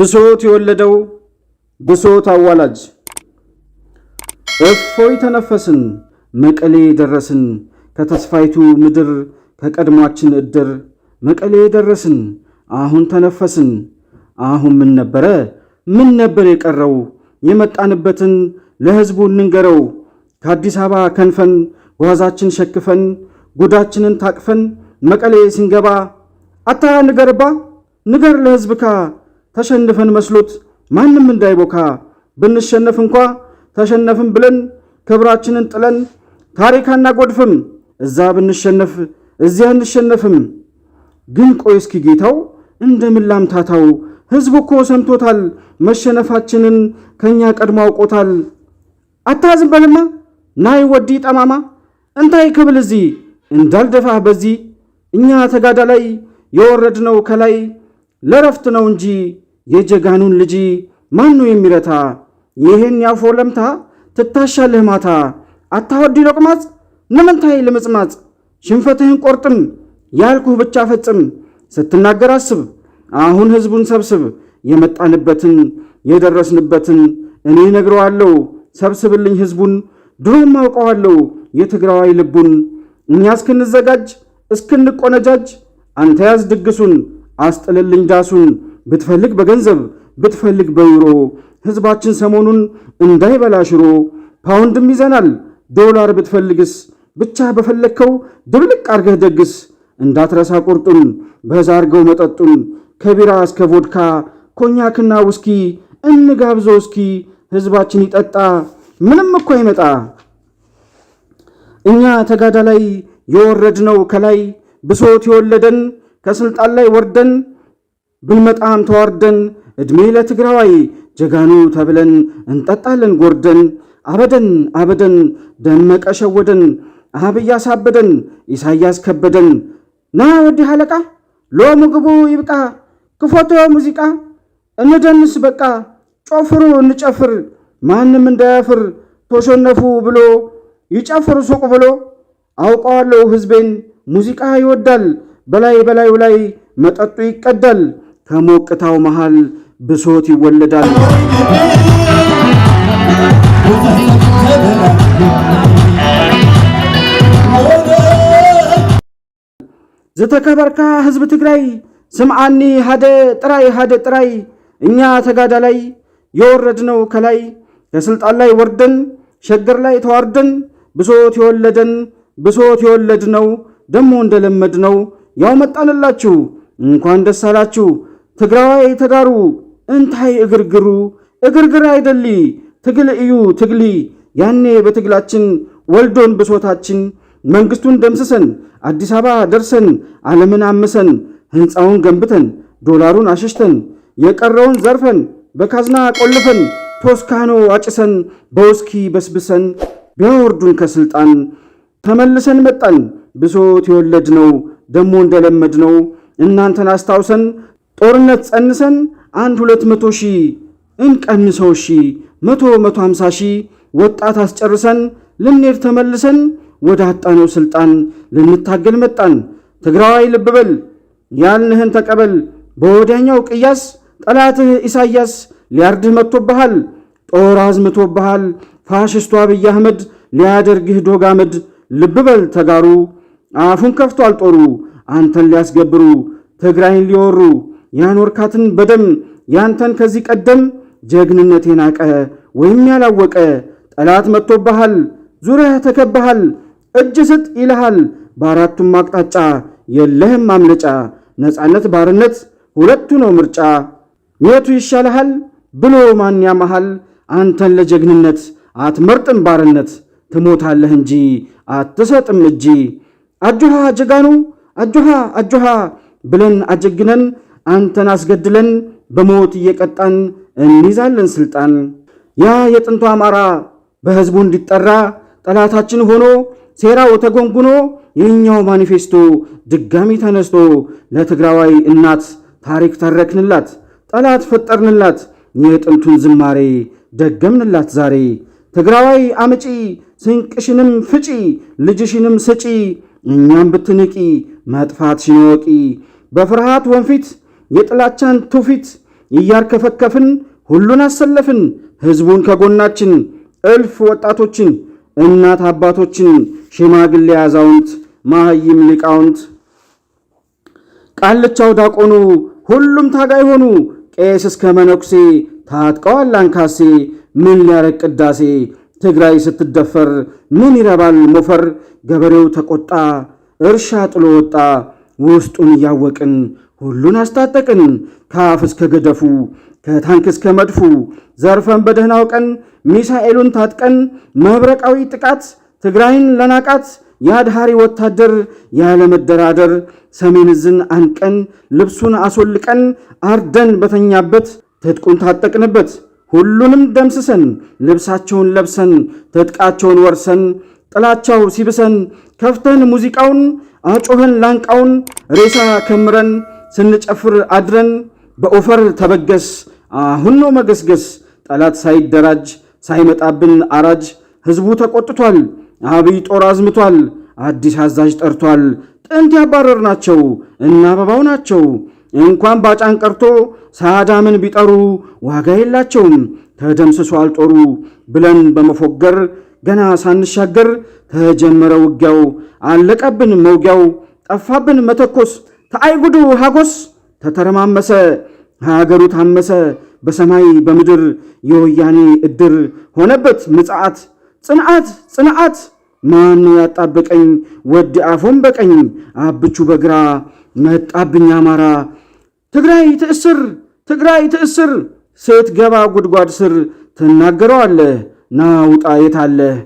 ብሶት የወለደው ብሶት አዋላጅ እፎይ ተነፈስን መቀሌ ደረስን ከተስፋይቱ ምድር ከቀድሟችን እድር መቀሌ ደረስን አሁን ተነፈስን አሁን ምን ነበረ ምን ነበር የቀረው የመጣንበትን ለሕዝቡ እንንገረው ከአዲስ አበባ ከንፈን ጓዛችን ሸክፈን ጉዳችንን ታቅፈን መቀሌ ስንገባ አታ ንገርባ ንገር ለሕዝብካ ተሸንፈን መስሎት ማንም እንዳይቦካ ብንሸነፍ እንኳ ተሸነፍን ብለን ክብራችንን ጥለን ታሪክ አናጎድፍም። እዛ ብንሸነፍ እዚያ አንሸነፍም። ግን ቆይ እስኪ ጌታው እንደምን ላምታታው? ህዝቡ እኮ ሰምቶታል፣ መሸነፋችንን ከእኛ ቀድሞ አውቆታል። አታዝም በልማ ናይ ወዲ ጠማማ እንታይ ክብል እዚ እንዳልደፋህ በዚህ እኛ ተጋዳ ላይ የወረድነው ከላይ ለረፍት ነው እንጂ የጀጋኑን ልጂ ማን ነው የሚረታ? ይህን ያፎ ለምታ ትታሻለህ ማታ። አታወዲ ለቁማጽ ነመንታይ ለመጽማጽ ሽንፈትህን ቆርጥም ያልኩህ ብቻ ፈጽም። ስትናገር አስብ አሁን ህዝቡን ሰብስብ። የመጣንበትን የደረስንበትን እኔ ነግረዋለሁ። ሰብስብልኝ ህዝቡን ድሮም አውቀዋለሁ የትግራዋይ ልቡን። እኛ እስክንዘጋጅ እስክንቆነጃጅ አንተ ያዝ ድግሱን አስጥልልኝ ዳሱን ብትፈልግ በገንዘብ ብትፈልግ በዩሮ ህዝባችን ሰሞኑን እንዳይበላ ሽሮ፣ ፓውንድም ይዘናል። ዶላር ብትፈልግስ ብቻ በፈለግከው ድብልቅ አርገህ ደግስ። እንዳትረሳ ቁርጡን አርገው መጠጡን፣ ከቢራ እስከ ቮድካ ኮኛክና ውስኪ እንጋብዞ እስኪ። ህዝባችን ይጠጣ ምንም እኮ ይመጣ። እኛ ተጋዳ ላይ የወረድነው ከላይ ብሶት የወለደን ከስልጣን ላይ ወርደን ብንመጣም ተዋርደን እድሜ ለትግራዋይ ጀጋኑ ተብለን እንጠጣለን ጎርደን አበደን አበደን ደመቀ ሸወደን አብይ አሳበደን ኢሳያስ ከበደን ና ወዲህ አለቃ ሎ ምግቡ ይብቃ ክፎቶ ሙዚቃ እንደንስ በቃ ጮፍሩ እንጨፍር ማንም እንዳያፍር ተሸነፉ ብሎ ይጨፍር ሱቅ ብሎ አውቀዋለሁ ሕዝቤን ሙዚቃ ይወዳል በላይ በላዩ ላይ መጠጡ ይቀዳል ከሞቅታው መሃል ብሶት ይወለዳል። ዘተከበርካ ህዝብ ትግራይ ስምዓኒ ሃደ ጥራይ ሃደ ጥራይ እኛ ተጋዳ ላይ የወረድነው ከላይ ከስልጣን ላይ ወርደን ሸገር ላይ ተዋርደን ብሶት የወለደን ብሶት የወለድነው ደሞ እንደለመድነው ያው መጣንላችሁ እንኳን ደስ አላችሁ ትግራዋይ ተዳሩ እንታይ እግርግሩ እግርግር አይደሊ ትግል እዩ ትግሊ ያኔ በትግላችን ወልዶን ብሶታችን መንግስቱን ደምስሰን አዲስ አበባ ደርሰን ዓለምን አምሰን ሕንፃውን ገንብተን ዶላሩን አሸሽተን የቀረውን ዘርፈን በካዝና ቆልፈን ቶስካኖ አጭሰን በውስኪ በስብሰን ቢያወርዱን ከስልጣን ተመልሰን መጣን ብሶት የወለድ ነው ደሞ እንደለመድ ነው እናንተን አስታውሰን ጦርነት ጸንሰን አንድ ሁለት መቶ ሺህ እንቀንሰው ሺ መቶ መቶ ሀምሳ ሺህ ወጣት አስጨርሰን ልንሄድ ተመልሰን ወደ አጣነው ስልጣን ልንታገል መጣን። ትግራዋይ ልብበል ያልንህን ተቀበል። በወዲያኛው ቅያስ ጠላትህ ኢሳያስ ሊያርድህ መጥቶብሃል። ጦር አዝምቶብሃል። ፋሽስቱ አብይ አህመድ ሊያደርግህ ዶግ አመድ። ልብበል ተጋሩ አፉን ከፍቷል ጦሩ አንተን ሊያስገብሩ ትግራይን ሊወሩ ያኖርካትን በደም ያንተን ከዚህ ቀደም ጀግንነት የናቀ ወይም ያላወቀ ጠላት መጥቶብሃል፣ ዙሪያ ተከብሃል፣ እጅ ስጥ ይልሃል። በአራቱም አቅጣጫ የለህም ማምለጫ። ነፃነት ባርነት ሁለቱ ነው ምርጫ። የቱ ይሻልሃል ብሎ ማን ያመሃል? አንተን ለጀግንነት አትመርጥም ባርነት፣ ትሞታለህ እንጂ አትሰጥም እጂ። አጆሃ ጀጋኑ አጆሃ አጆሃ ብለን አጀግነን አንተን አስገድለን በሞት እየቀጣን እንይዛለን ስልጣን። ያ የጥንቱ አማራ በህዝቡ እንዲጠራ ጠላታችን ሆኖ ሴራው ተጎንጉኖ የኛው ማኒፌስቶ ድጋሚ ተነስቶ ለትግራዋይ እናት ታሪክ ተረክንላት፣ ጠላት ፈጠርንላት፣ የጥንቱን ዝማሬ ደገምንላት ዛሬ። ትግራዋይ አምጪ ስንቅሽንም ፍጪ ልጅሽንም ስጪ፣ እኛም ብትንቂ መጥፋትሽን ወቂ። በፍርሃት ወንፊት የጥላቻን ትውፊት እያርከፈከፍን ሁሉን አሰለፍን። ህዝቡን ከጎናችን እልፍ ወጣቶችን፣ እናት አባቶችን፣ ሽማግሌ አዛውንት፣ ማህይም ሊቃውንት፣ ቃልቻው ዳቆኑ፣ ሁሉም ታጋይ ሆኑ። ቄስ እስከ መነኩሴ ታጥቀዋል አንካሴ። ምን ሊያረግ ቅዳሴ? ትግራይ ስትደፈር ምን ይረባል ሞፈር? ገበሬው ተቆጣ እርሻ ጥሎ ወጣ ውስጡን እያወቅን ሁሉን አስታጠቅን ከአፍ እስከ ገደፉ ከታንክ እስከ መድፉ ዘርፈን በደህናው ቀን ሚሳኤሉን ታጥቀን መብረቃዊ ጥቃት ትግራይን ለናቃት የአድሃሪ ወታደር ያለመደራደር ሰሜን ዝን አንቀን ልብሱን አስወልቀን አርደን በተኛበት ትጥቁን ታጠቅንበት ሁሉንም ደምስሰን ልብሳቸውን ለብሰን ትጥቃቸውን ወርሰን ጥላቻው ሲብሰን ከፍተን ሙዚቃውን አጮኸን ላንቃውን ሬሳ ከምረን ስንጨፍር አድረን በኦፈር ተበገስ ሁኖ መገስገስ ጠላት ሳይደራጅ ሳይመጣብን አራጅ ህዝቡ ተቆጥቷል። አብይ ጦር አዝምቷል። አዲስ አዛዥ ጠርቷል። ጥንት ያባረር ናቸው እና አበባው ናቸው እንኳን ባጫን ቀርቶ ሳዳምን ቢጠሩ ዋጋ የላቸውም ተደምስሷል ጦሩ ብለን በመፎገር ገና ሳንሻገር ተጀመረ ውጊያው አለቀብን መውጊያው ጠፋብን መተኮስ ተአይጉዱ ሃጎስ ተተረማመሰ ሀገሩ ታመሰ በሰማይ በምድር የወያኔ እድር ሆነበት ምጽዓት ጽንዓት ጽንዓት ማን ያጣበቀኝ ወድ አፎም በቀኝ አብቹ በግራ መጣብኝ አማራ ትግራይ ትእስር ትግራይ ትእስር ሴት ገባ ጉድጓድ ስር ትናገረዋለህ ና ውጣ የታለህ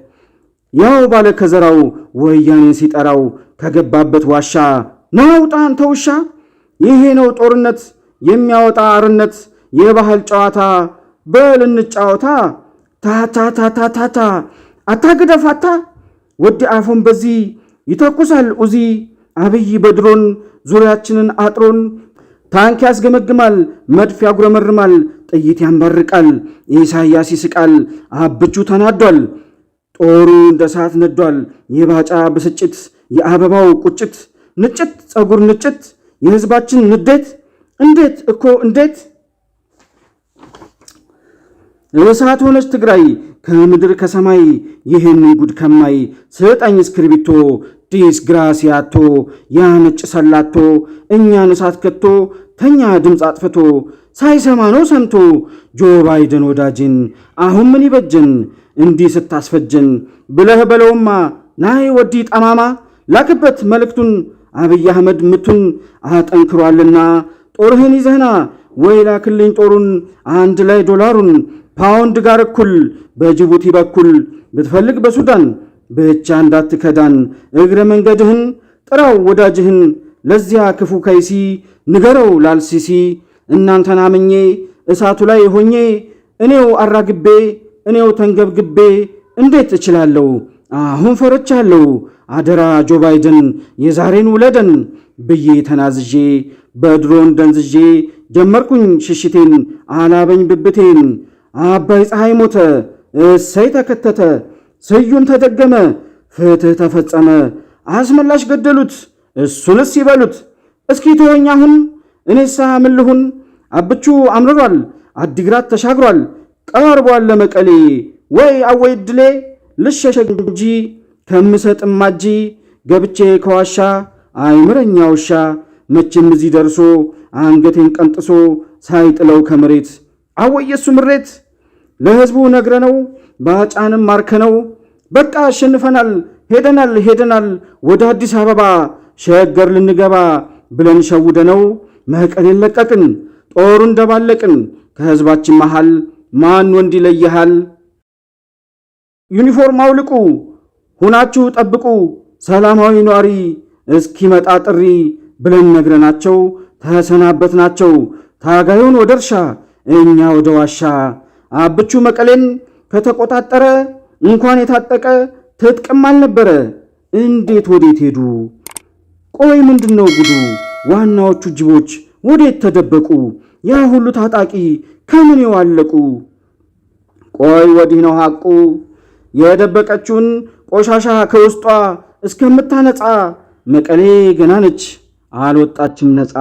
ያው ባለ ከዘራው ወያኔ ሲጠራው ከገባበት ዋሻ ነውጣ አንተ ውሻ! ይሄ ነው ጦርነት የሚያወጣ አርነት የባህል ጨዋታ። በል እንጫወታ። ታታታታታታ አታግደፋታ ወዲ አፉን በዚህ ይተኩሳል ኡዚ። አብይ በድሮን ዙሪያችንን አጥሮን ታንክ ያስገመግማል፣ መድፍ ያጉረመርማል፣ ጥይት ያንባርቃል። ኢሳያስ ይስቃል፣ አብቹ ተናዷል። ጦሩ እንደ ሰዓት ነዷል። የባጫ ብስጭት የአበባው ቁጭት ንጭት ፀጉር ንጭት የህዝባችን ንዴት እንዴት እኮ እንዴት እሳት ሆነች ትግራይ ከምድር ከሰማይ ይህን ጉድ ከማይ ስጠኝ እስክርቢቶ ዲስ ግራሲያቶ ያ ነጭ ሰላቶ እኛን እሳት ከቶ ተኛ ድምፅ አጥፍቶ ሳይሰማ ነው ሰምቶ ጆ ባይደን ወዳጅን አሁን ምን ይበጀን እንዲህ ስታስፈጀን ብለህ በለውማ ናይ ወዲ ጠማማ ላክበት መልእክቱን አብይ አህመድ ምቱን አጠንክሯልና ጦርህን ይዘህና ወይ ላክልኝ ጦሩን አንድ ላይ ዶላሩን ፓውንድ ጋር እኩል በጅቡቲ በኩል ብትፈልግ በሱዳን ብቻ እንዳትከዳን እግረ መንገድህን ጥራው ወዳጅህን ለዚያ ክፉ ከይሲ ንገረው ላልሲሲ እናንተን አምኜ እሳቱ ላይ ሆኜ እኔው አራግቤ እኔው ተንገብግቤ እንዴት እችላለሁ? አሁን ፈረቻለሁ። አደራ ጆ ባይደን የዛሬን ውለደን ብዬ ተናዝዤ በድሮን ደንዝዤ ጀመርኩኝ ሽሽቴን አላበኝ ብብቴን አባይ ፀሐይ ሞተ እሰይ ተከተተ ስዩም ተደገመ ፍትህ ተፈጸመ አስመላሽ ገደሉት እሱንስ ይበሉት እስኪ ተወኝ አሁን እኔሳ ምን ልሁን አብቹ አምርሯል አዲግራት ተሻግሯል ቀርቧል ለመቀሌ ወይ አወይ ድሌ ልሸሸግ እንጂ ከምሰጥማ ማጂ ገብቼ ከዋሻ አይምረኛ ውሻ መቼም እዚህ ደርሶ አንገቴን ቀንጥሶ ሳይጥለው ከመሬት አወየሱ ምሬት ለሕዝቡ ነግረነው ባጫንም ማርከነው በቃ አሸንፈናል ሄደናል ሄደናል ወደ አዲስ አበባ ሸገር ልንገባ ብለን ሸውደነው መቀሌን ለቀቅን ጦሩ እንደባለቅን ከህዝባችን መሃል ማን ወንድ ይለይሃል ዩኒፎርም አውልቁ ሁናችሁ ጠብቁ፣ ሰላማዊ ኗሪ እስኪመጣ ጥሪ ብለን ነግረናቸው ተሰናበትናቸው። ታጋዩን ወደ እርሻ እኛ ወደ ዋሻ። አብቹ መቀሌን ከተቆጣጠረ እንኳን የታጠቀ ትጥቅም አልነበረ። እንዴት ወዴት ሄዱ? ቆይ ምንድን ነው ጉዱ? ዋናዎቹ ጅቦች ወዴት ተደበቁ? ያ ሁሉ ታጣቂ ከምን የዋለቁ? ቆይ ወዲህ ነው ሐቁ የደበቀችውን ቆሻሻ ከውስጧ እስከምታነጻ መቀሌ ገና ነች አልወጣችም ነፃ።